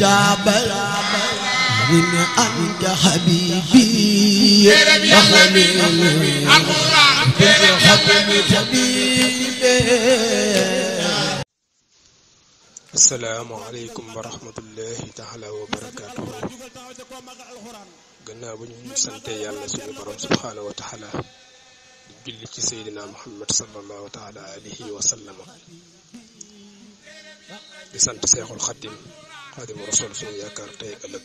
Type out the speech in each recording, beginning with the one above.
جابر من أنت حبيبي وخليل بالحكم جبيبي asalaamaaleykum wa rahmatullahi taala wa barakaatu gannaaw bu ñu sante yàlla suñu borom subhaanahu wa taala di julli ci seydina muhammad sallallahu taala alayhi wa sallama di sant seexul xadim xaadimu rasul suñu yaakaar tey ëllëg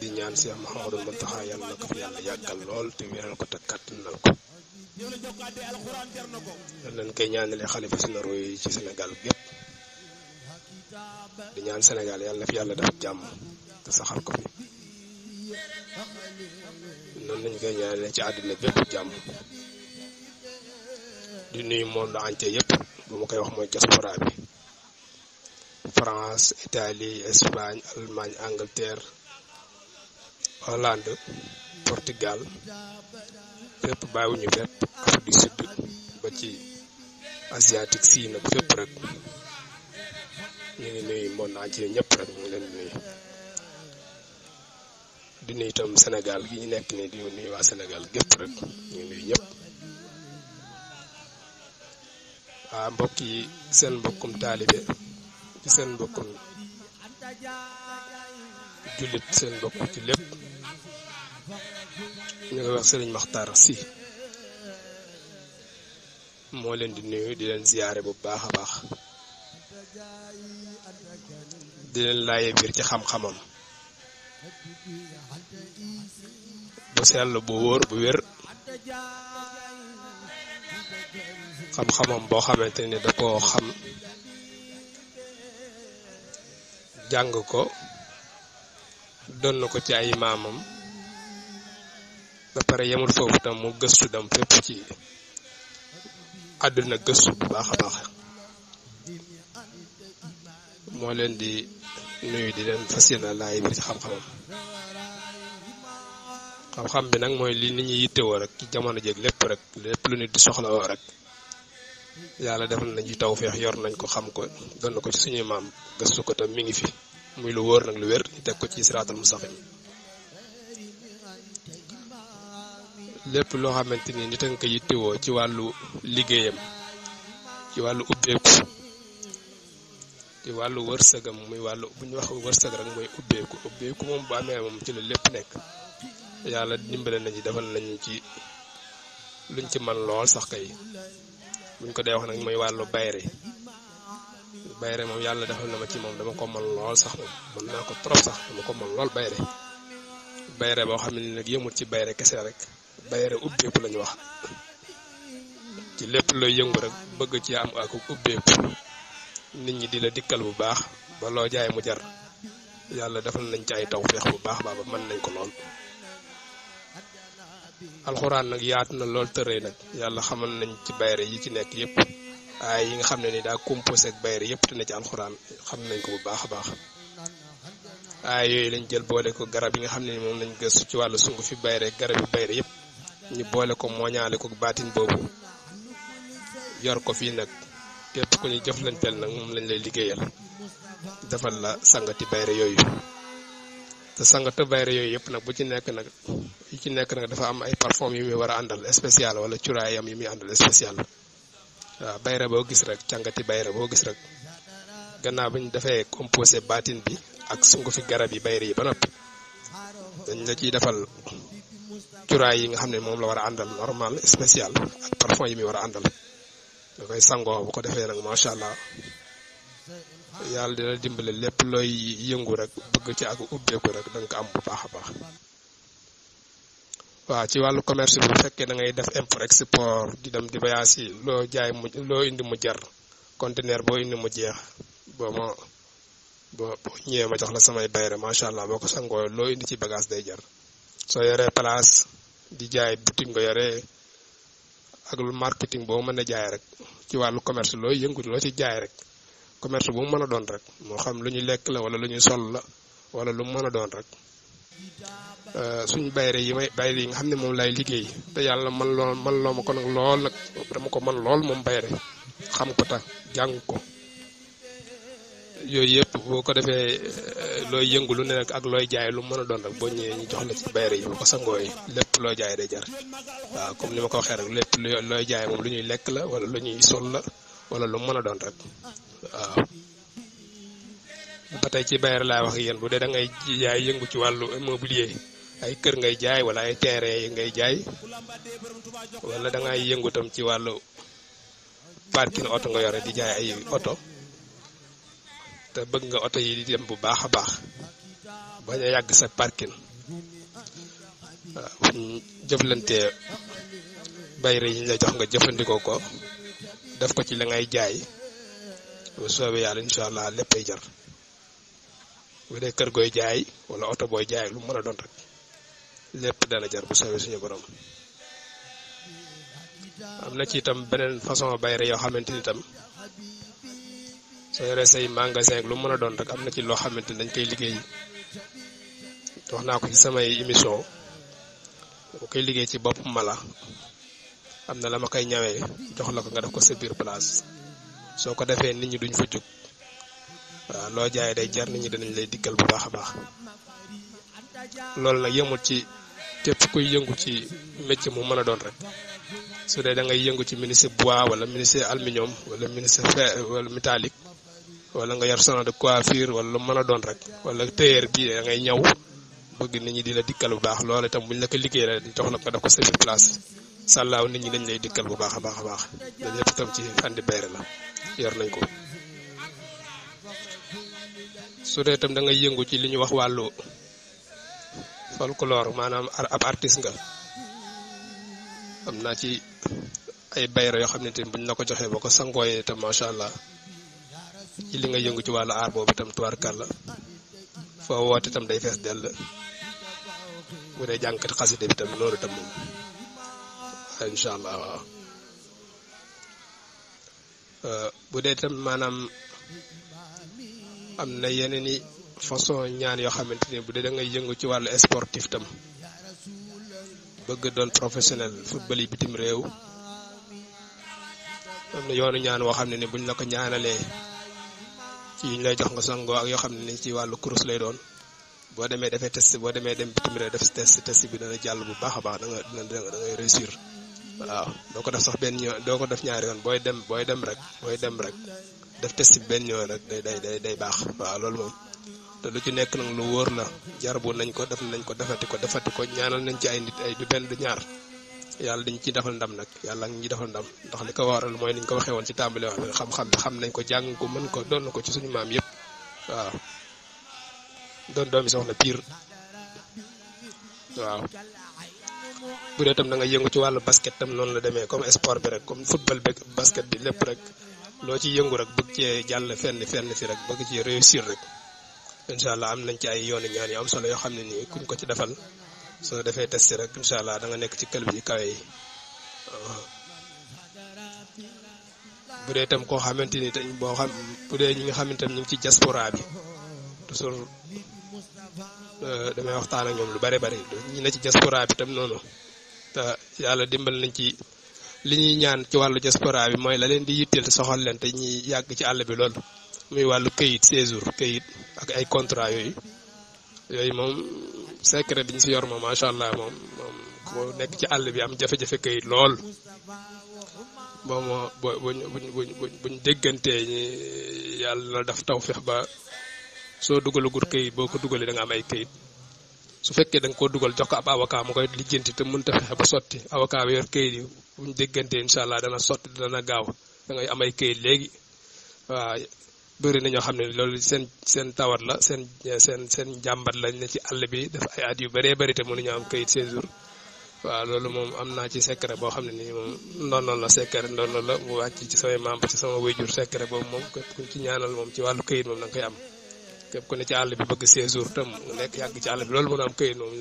di ñaan Seex yàlla na fi yàlla lool te wéral ko te kàttanal ko lañ koy ñaanale xalifa suna roy ci Sénégal gépp ñaan Sénégal yàlla yàlla def jàmm te saxal ko fi noonu lañu koy ñaanale ci àddina bépp jàmm di nuyu monde entier yëpp bu ma koy wax mooy diaspora bi France Italie Espagne Allemagne Angleterre Hollande Portugal fépp bàyyiwuñu fépp Afrique du Sud ba ci asiatique sii nag fépp rek ñu ngi nuyu monde entier ñëpp rek ñu leen nuyu di nuyu Sénégal gi ñu nekk nii di nuyu waa Sénégal gépp rek ñu ngi nuyu waa mbokk yi seen mbokkum taalibe ci seen mbokkum jullit seen mbokk ci lépp ñu ngi wax sëriñ Maxtaar si moo leen di nuyu di leen ziyaare bu baax a baax di leen laaye biir ci xam-xamam bu sell bu wóor bu wér xam-xamam boo xamante ni da koo xam jàng ko doon na ko ci ay maamam ba pare yemul foofu tam mu gëstu dem fépp ci àdduna gëstu bu baax a baax moo leen di nuyu di leen fas yéene laay biir ci xam-xamam xam-xam bi nag mooy li nit ñi woo rek ci jamono jeeg lépp rek lépp lu nit di soxlawoo rek yàlla defal nañ ci tawféex yor nañ ko xam ko doon na ko ci suñuy maam gëstu ko tam mi ngi fi muy lu wóor nag lu wér ñu teg ko ci siraatal mustaqim lépp loo xamante ni nit a nga ko yittewoo ci wàllu liggéeyam ci wàllu ubbeeku ci wàllu wërsëgam muy wàllu bu ñu wax wërsëg rek mooy ubbeeku ubbeeku moom bu amee moom ci la lépp nekk yàlla dimbale nañu defal nañu ci luñ ci man lool sax kay buñ ko dee wax nag mooy wàllu bayre bayre moom yàlla defal na ma ci moom dama ko mën lool sax moom naa ko trop sax dama ko mën lool bayre bayre boo xam ne nag yëmut ci bayre kese rek bayre ubbeeku lañu wax ci lépp looy yëngu rek bëgg ci am ak ubbeeku nit ñi di la dikkal bu baax ba loo jaay mu jar yàlla defal nañ ci ay taw tawféex bu baax baa ba mën nañ ko lool alxuraan nag yaat na lool tëree nag yàlla xamal nañ ci bayre yi ci nekk yëpp ay yi nga xam ne ni daa composé ak bayre yëpp te ne ci alxuraan xam nañ ko bu baax a baax aay lañ jël boole ko garab yi nga xam ne ni moom lañ gëstu ci wàllu sungu fi bayre garab yi bayre yépp ñu boole ko mooñaale ko baatin boobu yor ko fii nag ko ñu jëf lañ jëflanteel nag moom lañ lay liggéeyal defal la sangati bayre yooyu te sangata bayre yooyu yëpp nag bu ci nekk nag yi ci nekk nag dafa am ay parfum yu muy war a àndal spécial wala curaayam yu muy àndal spécial waaw bayra boo gis rek càngati bayra boo gis rek gannaaw bi ñu defee composé baatin bi ak sungu fi garab yi bayra yi ba noppi dañ la ciy defal curaay yi nga xam ne moom la war a àndal normal spécial ak parfum yi muy war a àndal da koy sangoo bu ko defee nag macha allah yàlla dina dimbale lépp looy yëngu rek bëgg ci ak ubbeeku rek danga ko am bu baax a baax waaw ci wàllu commerce bi bu fekkee da def import export di dem di voyage yi loo jaay mu loo indi mu jar conteneur boo indi mu jeex boo ma boo ñëwee ma jox la samay bayre macha allah boo ko sangoo loo indi ci bagage day jar soo yoree place di jaay boutique nga yoree ak lu marketing boo mën a jaay rek ci wàllu commerce looy yëngu loo ci jaay rek commerce bu mën a doon rek moo xam lu ñu lekk la wala lu ñu sol la wala lu mu mën a doon rek Euh, suñu bayre yi may bayre yi nga xam ne moom lay liggéey te yàlla man lool man loo ma ko nag lool nag dama ko man lool moom bayre xam ko tax jàng ko yooyu yëpp boo ko defee euh, looy yëngu lu ne rek ak looy jaay lu mën a doon rek boo ñëwee ñu jox la ci bayre yi bu ko sangoo yi lépp looy jaay day jar waaw comme ni ma ko waxee rek lépp looy jaay moom lu ñuy lekk la wala lu ñuy sol la wala lu mën a doon rek waaw ba tey ci Bayer laa wax yéen bu dee da ngay jaay yëngu ci wàllu immobilier ay kër ngay jaay wala ay terrain yi ngay jaay wala da yëngutam ci wàllu parking oto nga yore di jaay ay oto te bëgg nga oto yi di dem bu baax a baax ba a yàgg sa parking waaw jëflante bayre yi ñu jox nga jëfandikoo ko def ko ci la ngay jaay bu soobee yàlla incha allah léppay jar. bu dee kër gooy jaay wala oto booy jaay lu mu mën a doon rek lépp dana jar bu soobee suñu borom. am na ci itam beneen façon bayre yoo xamante ni itam soo yoree say magasin ak lu mën a doon rek am na ci loo xamante ni dañ koy liggéey wax naa ko ci samay émission bu koy liggéey ci bopp mala am na la ma koy ñawee jox la ko nga def ko sa biir place soo ko defee nit ñi duñ fa jóg waaw loo jaay day jar nit ñi danañ lay dikkal bu baax a baax loolu nag yëmul ci képp kuy yëngu ci métier mu mën a doon rek su dee da yëngu ci ministre bois wala ministre aluminium wala ministre fer wala métallique wala nga yar salon de coiffure wala lu mën a doon rek wala tailleur bi da ngay ñëw bëgg nit ñi di la dikkal bu baax lool itam buñ la ko liggéey la jox la nga def ko sa biir place sàllaaw nit ñi dañ lay dikkal bu baax a baax a baax dañ lépp itam ci andi bayre la nañ ko su dee itam da yëngu ci li ñu wax wàllu folklore maanaam ab artiste nga am naa ci ay bayra yoo xam ne tamit buñ la ko joxee boo ko sangooyee itam macha allah ci li nga yëngu ci wàllu aar boobu itam tubaarkàlla foo woote itam day fees dell bu dee jàngkat xaside bi tam loolu itam moom allah waaw euh, bu dee itam maanaam. am na yeneen i façon ñaan yoo xamante ni bu dee da ngay yëngu ci wàllu sportif tam bëgg doon professionnel football yi bitim réew am na yoonu ñaan woo xam ne ni buñ na ko ñaanalee ci ñu lay jox nga songoo ak yoo xam ne ni ci wàllu course lay doon boo demee defee test boo demee dem bitim réew def test test bi dana jàll bu baax a baax da nga da ngay réussir waaw doo ko def sax benn doo ko def ñaari yoon booy dem booy dem rek booy dem rek def test bi benn yoon rek day day day baax waaw loolu moom te lu ci nekk nag lu wóor la jarbu nañ ko def nañ ko defati ko defati ko ñaanal nañ ci ay nit ay du benn du ñaar yàlla dañ ci defal ndam nag yàlla ngi defal ndam ndax li ko waral mooy niñ ko waxee woon ci tàmbali wax bi xam-xam bi xam nañ ko jàng ko mën ko doon na ko ci suñu maam yëpp waaw doon doomi soxna piir waaw bu dee tam da nga yëngu ci wàllu basket tam noonu la demee comme sport bi rek comme football bi basket bi lépp rek loo ci yëngu rek bëgg cee jàll fenn fenn si rek bëgg ci réussir rek incha allah am nañ ci ay yooni ñaan yu am solo yoo xam ne nii kuñ ko ci defal soo defee test rek incha allah da nekk ci kël bi ci kawe yi uh-huh. bu dee tam koo xamante ni te boo xam bu dee ñi nga xamante ni ñu ngi ci diaspora bi toujours uh, damay waxtaan ak ñoom lu bare bare ñi ne ci diaspora bi tam noonu te yàlla dimbal nañ ci li ñuy ñaan ci wàllu diaspora bi mooy la leen di yitteel te soxal leen te ñuy yàgg ci àll bi lool muy wàllu këyit séjour këyit ak ay contrat yooyu yooyu moom secret bi ñu si yor moom macha allah moom moom ku nekk ci àll bi am jafe-jafe këyit lool boo moo bu buñ buñ buñ déggantee ñi yàlla daf taw fex ba soo dugalagut këyit boo ko dugalee da nga am ay këyit su fekkee da koo dugal jox ko ab avocat mu koy lijjanti te mënut a fexe ba sotti avocat bu ñu déggante incha allah dana sotti dana gaaw da ngay am ay këyit léegi waaw bëri na ñoo xam ne loolu seen seen tawat la seen seen seen jàmbat lañ ne ci àll bi def ay at yu bëree bëri te mënuñu am këyit séjour waaw loolu moom am naa ci secret boo xam ne nii moom ndono la secret ndono la mu ci samay membre ci sama wéjur secret boobu moom képp ku ci ñaanal moom ci koy am ci àll bi bëgg séjour tam nekk yàgg ci àll bi loolu mën a am këyit moom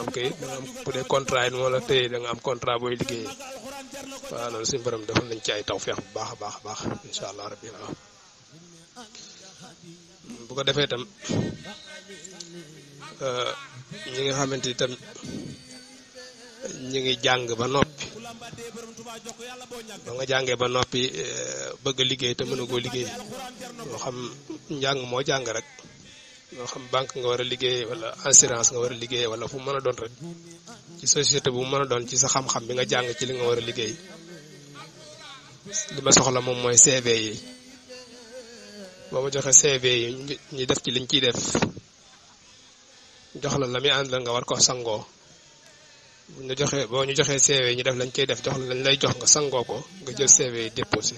am këyit da am contrat booy liggéeyee waaw loolu suñu borom defal nañ ci ay tawféex bu baax a baax a baax incha allah rabbi bu ko defee tam euh, ñi nga xamante ni tam ñi ngi jàng ba noppi ba nga jàngee ba noppi euh, bëgg a liggéey te mënu koo liggéey yoo xam njàng moo jàng rek moo xam banque nga war a liggéey wala assurance nga war a liggéey wala fu mën a doon rek ci société bu mën a doon ci sa xam-xam bi nga jàng ci li nga war a liggéey ma soxla moom mooy CV yi boo ma joxe CV yi def ci liñ ciy def jox la la muy àndal nga war ko sangoo bu ñu joxee boo ñu joxee CV yi ñu def lañ ciy def jox la lañ lay jox nga sangoo ko nga jël CV yi déposé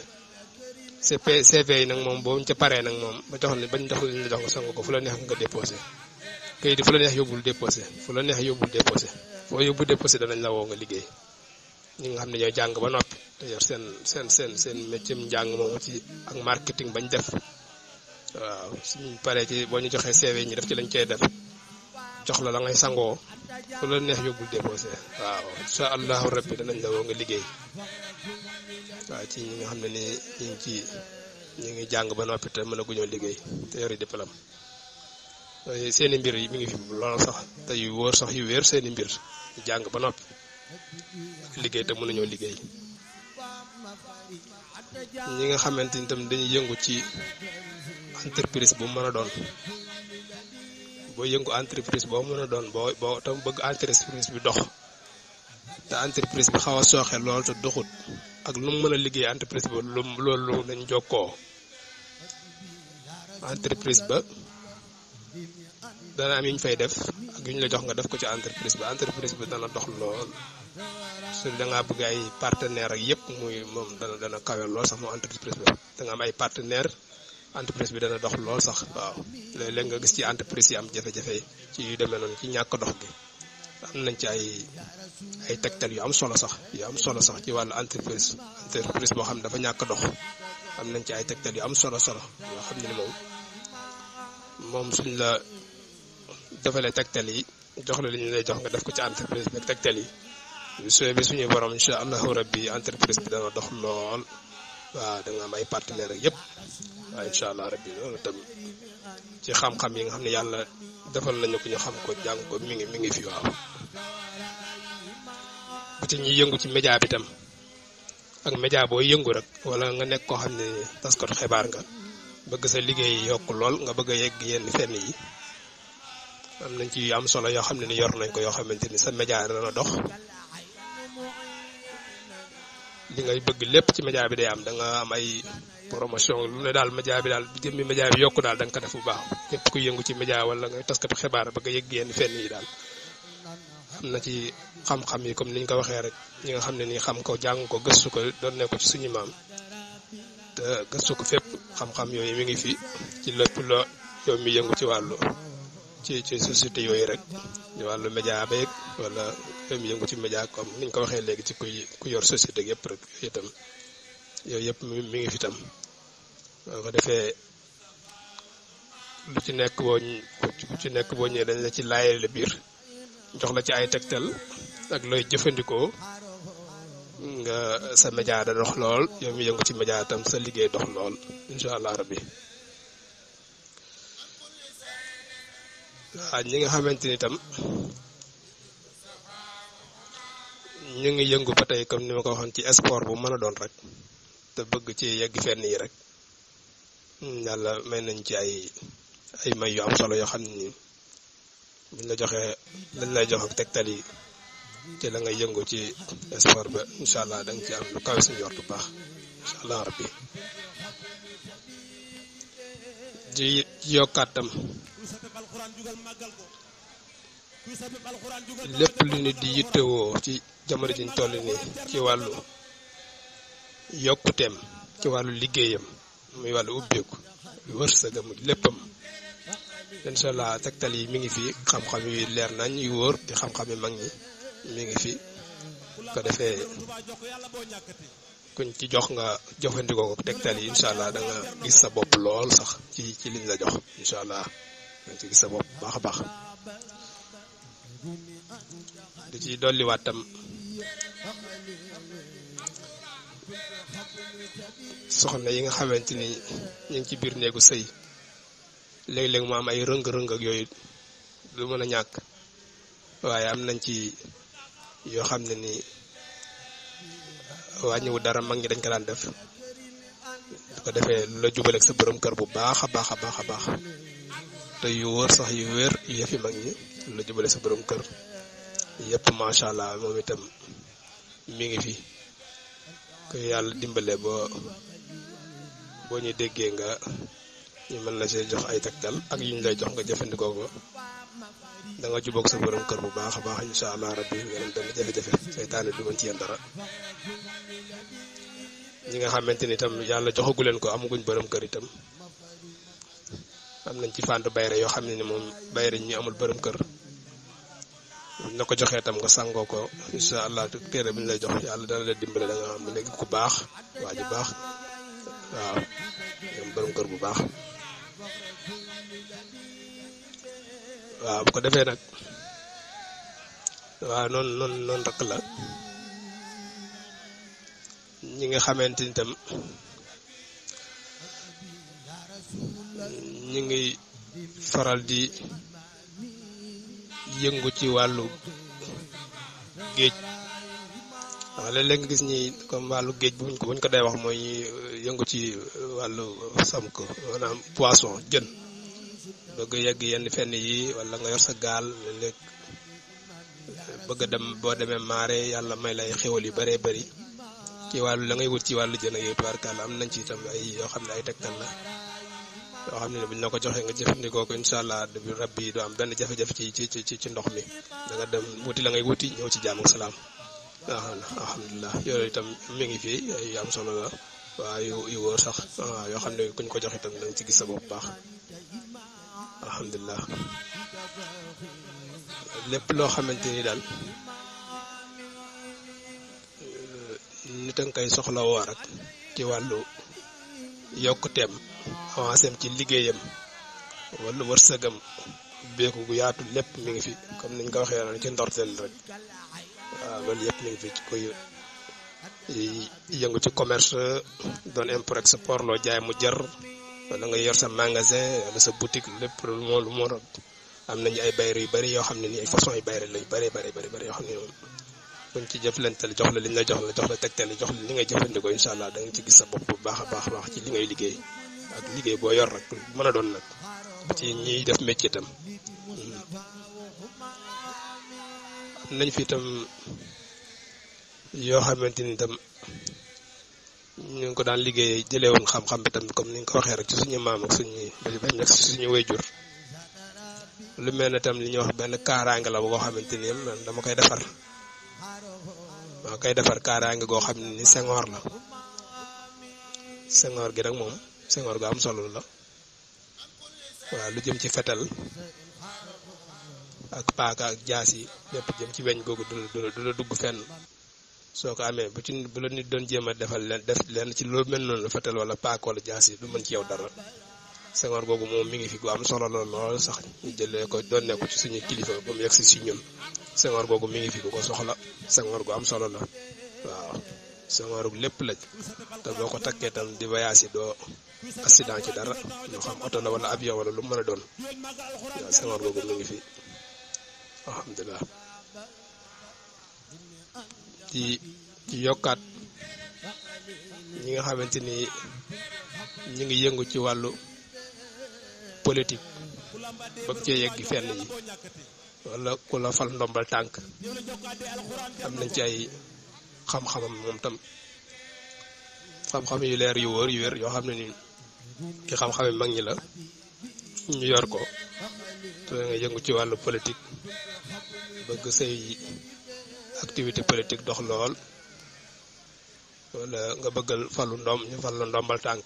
CV yi nag moom boobu ñu ca paree nag moom ba jox la bañ jox la jox ko sang ko fu la neex nga déposé kayit yi fu la neex yóbbul déposé fu la neex yóbbul déposé foo yóbbu déposé danañ la woo nga liggéey ñi nga xam ne ñooy jàng ba noppi te seen seen seen seen métier njàng moomu ci ak marketing bañ def waaw suñ paree ci boo ñu joxee CV ñi def ci lañ cay def jox la la ngay sangoo fu la neex yóbbul déposé waaw incha allahu rabbi danañ la woo nga liggéey waaw ci ñi nga xam ne ni ñu ngi ci ñu ngi jàng ba noppi te mën a guñoo liggéey te yori diplôme seeni mbir yi mi ngi fi sax te yu sax yu wéer seeni mbir ñu ba noppi liggéey te mënuñoo liggéey ñi nga xamante ni tamit dañuy yëngu ci entreprise bu mën a doon boo yëngu entreprise boo mën a doon boo boo tam bëgg entreprise bi dox te entreprise bi xaw a sooxe lool sa doxut ak lu mu mën a liggéey entreprise ba lu loolu lañ jokkoo entreprise ba dana am yu ñu fay def ak yu ñu la jox nga def ko ci entreprise bi entreprise bi dana dox lool su da ngaa bëgg ay partenaire ak yëpp muy moom dana dana kawe lool sax moom entreprise ba da nga am ay partenaire entreprise bi dana dox lool sax waaw léeg-léeg nga gis ci entreprise yi am jafe-jafe ci yu demee noonu ci ñàkk dox gi am nañ ci ay ay tegtal yu am solo sax yu am solo sax ci wàllu entreprise entreprise boo xam ne dafa ñàkk dox am nañ ci ay tegtal yu am solo solo yoo xam ne ni moom moom suñ la defalee tegtal yi jox la li ñu lay jox nga def ko ci entreprise bi tegtal yi su bi suñuy borom incha allahu bi entreprise bi dana dox lool waaw da nga am ay partenaires ak yëpp allah rek loolu tam ci xam-xam yi nga xam ne yàlla defal nañu ko ñu xam ko jàng ko mi ngi mi ngi fi waaw bu ci ñuy yëngu ci média bi tam ak média booy yëngu rek wala nga nekk koo xam ne taskatu xibaar nga bëgg sa liggéey yokk lool nga bëgg a yegg yenn fenn yi am nañ ci am solo yoo xam ne ni yor nañ ko yoo xamante ni sa média dana dox li ngay bëgg lépp ci média bi day am da nga am ay promotion lu ne daal média bi daal jëmmi média bi yokku daal da nga ko def bu baax képp kuy yëngu ci média wala ngay taskatu xibaar bëgg a yëg yenn fenn yi daal am na ci xam-xam yi comme ni ñu ko waxee rek ñi nga xam ne nii xam ko jàng ko gëstu ko doon ne ko ci suñu maam te gëstu ko fépp xam-xam yooyu mi ngi fi ci lépp loo yow mi yëngu ci wàllu ci ci société yooyu rek ci wàllu média beeg wala itam yëngu ci média comme niñ ko waxee léegi ci kuy ku yor société yëpp rek itam yooyu yëpp mu ngi fi tam boo ko defee lu ci nekk boo lu ci nekk boo ñëwee dañ la ci laajale biir jox la ci ay tegtel ak looy jëfandikoo nga sa média da dox lool yow mi yëngu ci média tam sa liggéey dox lool incha allah rabbi waaw ñi nga xamante ni ñu ngi yëngu ba tey comme ni ma ko waxoon ci sport bu mën a doon rek te bëgg ci yegg fenn yi rek hmm, yàlla may nañ ci ay ay may yu am solo yoo xam ni buñ la joxee lañ lay jox ak tegtal yi te la ngay yëngu ci sport ba incha allah da nga ci am lu kawe suñu yor bu baax incha allah rabbi di yokkaat tam lépp lu nit yittewoo ci jamono jiñ toll nii ci wàllu yokkuteem ci wàllu liggéeyam muy wàllu ubbeeku wërsëgam léppam incha allah tegtal yi mi ngi fi xam-xam yu leer nañ yu wóor di xam-xam yu mag ñi mi ngi fi ko defee kuñ ci jox nga jëfandikoo ko tegtal yi incha allah danga gis sa bopp lool sax ci ci liñ la jox incha allah da nga ci gis sa bopp baax a baax. di ci dolliwaat tam soxna yi nga xamante ni ñu ngi ci biir néegu sëy léeg-léeg mu am ay rëng-rëng ak yooyu lu mën a ñàkk waaye am nañ ci yoo xam ne ni uh, wàññiwu dara mag ñi dañ ko daan def du ko defee lu la jubaleeg sa borom kër bu baax a baax a baax a baax te yu wër sax yu wér yëfi mag ñi lu jubale sa borom kër yëpp macha allah moom itam mu ngi fi ko yàlla dimbale boo boo ñu déggee nga ñu mën na see jox ay tegtal ak yu ñu lay jox nga jëfandikoo ko da nga jubóog sa borom kër bu baax a baax ñu allah rabbi bi dem benn jafe-jafe seytaane du mën ci yan dara ñi nga xamante ni itam yàlla joxagu leen ko amaguñ borom kër itam. am nañ ci fàndu bayre yoo xam ne ni moom bayre ñu amul bërëm kër na ko joxee tam nga sangoo ko incha allah téere bi ñu lay jox yàlla dana la dimbale da nga mu ne léegi ku baax waa ji baax waaw am kër bu baax waaw ko defee nag waaw noonu noonu noonu rakk la ñi nga xamante ni ñu ngi faral di yëngu ci wàllu géej waaw léeg-léeg nga gis ñi comme wàllu géej buñ ko buñ ko day wax mooy yëngu ci wàllu sam ko maanaam poisson jën bëgg yegg yenn fenn yii wala nga yor sa gaal léeg bëgg dem boo demee maare yàlla may lay xéwal yu bëree bari ci wàllu la ngay wut ci wàllu jën ak yooyu tubaarkàlla am nañ ci itam ay yoo xam ne ay tegtal la yoo xam ne buñ la ko joxee nga jëfandikoo ko incha allah bi rabbi doo am benn jafe-jafe ci ci ci ci ndox mi da nga dem wuti la ngay wuti ñëw ci jàmm ak salaam waaw ah, alhamdulilah ngi fii am solo la waaw yu sax ah, yoo xam ne kuñ ko jox itam da ci gis sa bopp baax lépp loo xamante ni daal eh, nit a nga soxla woo rek ci wàllu yokkuteem. avancem ci liggéeyam wala wërsëgam beeku gu yaatu lépp mu ngi fi comme niñ ko waxee noonu ci ndorteel rek waaw loolu yëpp mi ngi ci koy yëngu ci commerce doon import export loo jaay mu jar wala nga yor sa magasin wala sa boutique lépp lu moo lu moo am nañu ay bayre yu bëri yoo xam ne ni façon yu bayre lañu bëree bëri yoo xam ne moom buñ ci jëflanteel jox la li ngay jëfandikoo incha allah da nga ci gis sa bopp bu baax a baax baax ci li ngay liggéey. ak liggéey boo yor rek mën a doon nag ba ci ñiy def métier itam nañ fii itam yoo xamante ni itam ñu ngi ko daan liggéeyee jëlee woon xam-xam bi tam comme ni nga ko waxee rek ci suñu maam ak suñu bañ ak suñu lu mel ni tam li ñuy wax benn kaaraange la boo xamante ni dama koy defar dama koy defar kaaraange goo xam ne ni sengoor la sengoor gi nag moom Senghor gu am solo la waaw lu jëm ci fetal ak paaka ak jaas yi lépp jëm ci weñ googu du la du dugg fenn soo ko amee bu ci bu la nit doon jéem a defal leen def leen ci loo mel noonu fetal wala paaka wala jaas yi du mën ci yaw dara Senghor googu moom mi ngi fi gu am solo la lool sax ñu jëlee ko doonee nekku ci suñu kilifa ba mu yegg si si ñun Senghor googu mi ngi fi gu ko soxla Senghor gu am solo la waaw. samarug lépp lañ te boo ko takkee tam di voyage doo accident ci dara ñoo xam oto la wala avion wala lu mën a doon waaw mu ngi fi alhamdulilah ci ci yokkaat ñi nga xamante ni ñu ngi yëngu ci wàllu politique yegg fenn yi wala ku la fal ndombal tànk am nañ ci ay xam-xamam moom tam xam-xam yu leer yu wóor yu wér yoo xam ne nii ki xam-xami mag ñi la ñu yor ko te nga yëngu ci wàllu politik bëgg say activité politique dox lool wala nga bëggal falu ndom ñu fal la ndombal tànk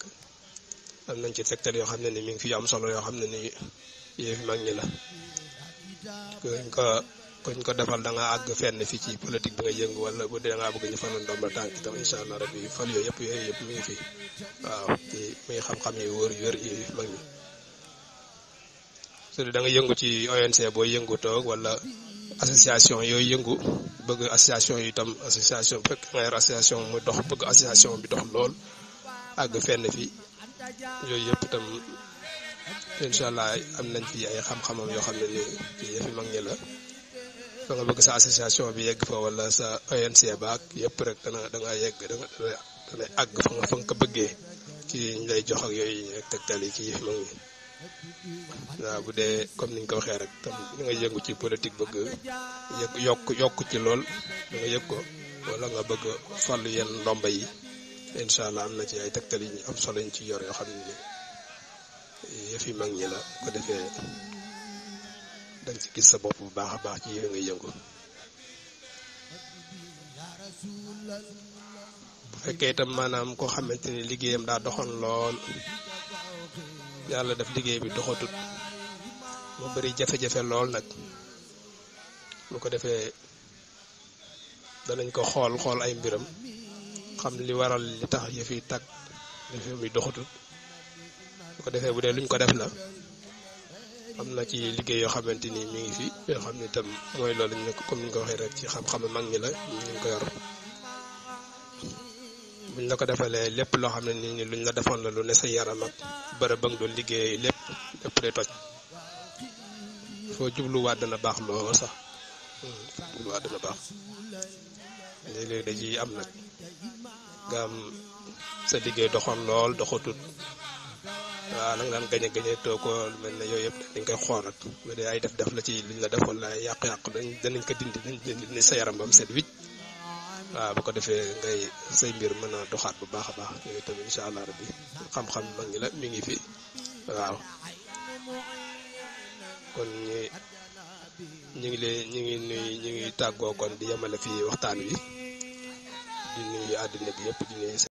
am nañ ci secteur yoo xam ne ni mi ngi fi am solo yoo xam ne nii yéen fi mag ñi la. kuñ ko defal danga nga àgg fenn fi ci politique bi nga yëngu wala bu dee da bëgg ñu fanal ndombal tànk itam incha allah rabbi fal yooyu yëpp yooyu yëpp mi ngi fi waaw ci muy xam-xam yi da nga yëngu ci ONC booy yëngu toog association yooyu yëngu bëgg association yi itam association fekk nga association mu dox bëgg association bi dox lool àgg fenn fi yooyu yëpp itam incha allah am nañ fi ay xam-xamam yoo xam ne nii mag ñi la fa nga bëgg sa association bi yegg fa wala sa ONC baak yëpp rek dana danga yegg danga dana àgg fa nga ko bëggee kii ñu lay jox ak yooyu rek tegtal yi kii ma ngi waaw bu dee comme ni niñ ko waxee rek tam da ci politique bëgg yëg yokk yokk ci lool da nga yëg ko wala nga bëgg fàllu yenn ndomba yi incha allah am na ci ay tegtal yi am solo ñu ci yor yoo xam ne yëf mag ñi la ko defee danga ci gis sa bopp bu baax a baax ci yéen ngay yëngu bu fekkee itam maanaam koo xamante ni liggéeyam daa doxoon lool yàlla def liggéey bi doxatut mu bari jafe-jafe lool nag lu ko defee danañ ko xool xool ay mbiram xam li waral li tax yëf takk tàkk yëf yi ko defee bu dee luñ ko def la am na ci liggéey yoo xamante ni mi ngi fi yoo xam ne tam mooy loolu ñu nekk comme ni nga ko waxee rek ci xam-xamu mag ñi la ñu ngi ko yor buñ la ko defalee lépp loo xam ne ni luñ la defoon la lu ne sa yaram ak bërëb ba nga doon liggéey lépp lépp day toj foo jubluwaat dana baax lool sax jubluwaat dana baax léeg da ciy am nag nga am sa liggéey doxoon lool doxatut waaw nag daan gañe gañe too ko mel ne yooyu yëpp dañ koy xool rek dee ay def-def la ci liñ la def wala yàq-yàq dañ danañ ko dindi dañ dindi sa yaram ba mu set wicc waaw bu ko defee ngay say mbir mën a doxaat bu baax a baax yooyu tamit incha allah rabbi xam-xam mag ñi la mi ngi fi waaw kon ñu ñu ngi leen ñu ngi nuy ñu ngi tàggoo kon di yemale fii waxtaan wi di nuyu àddina bi yëpp di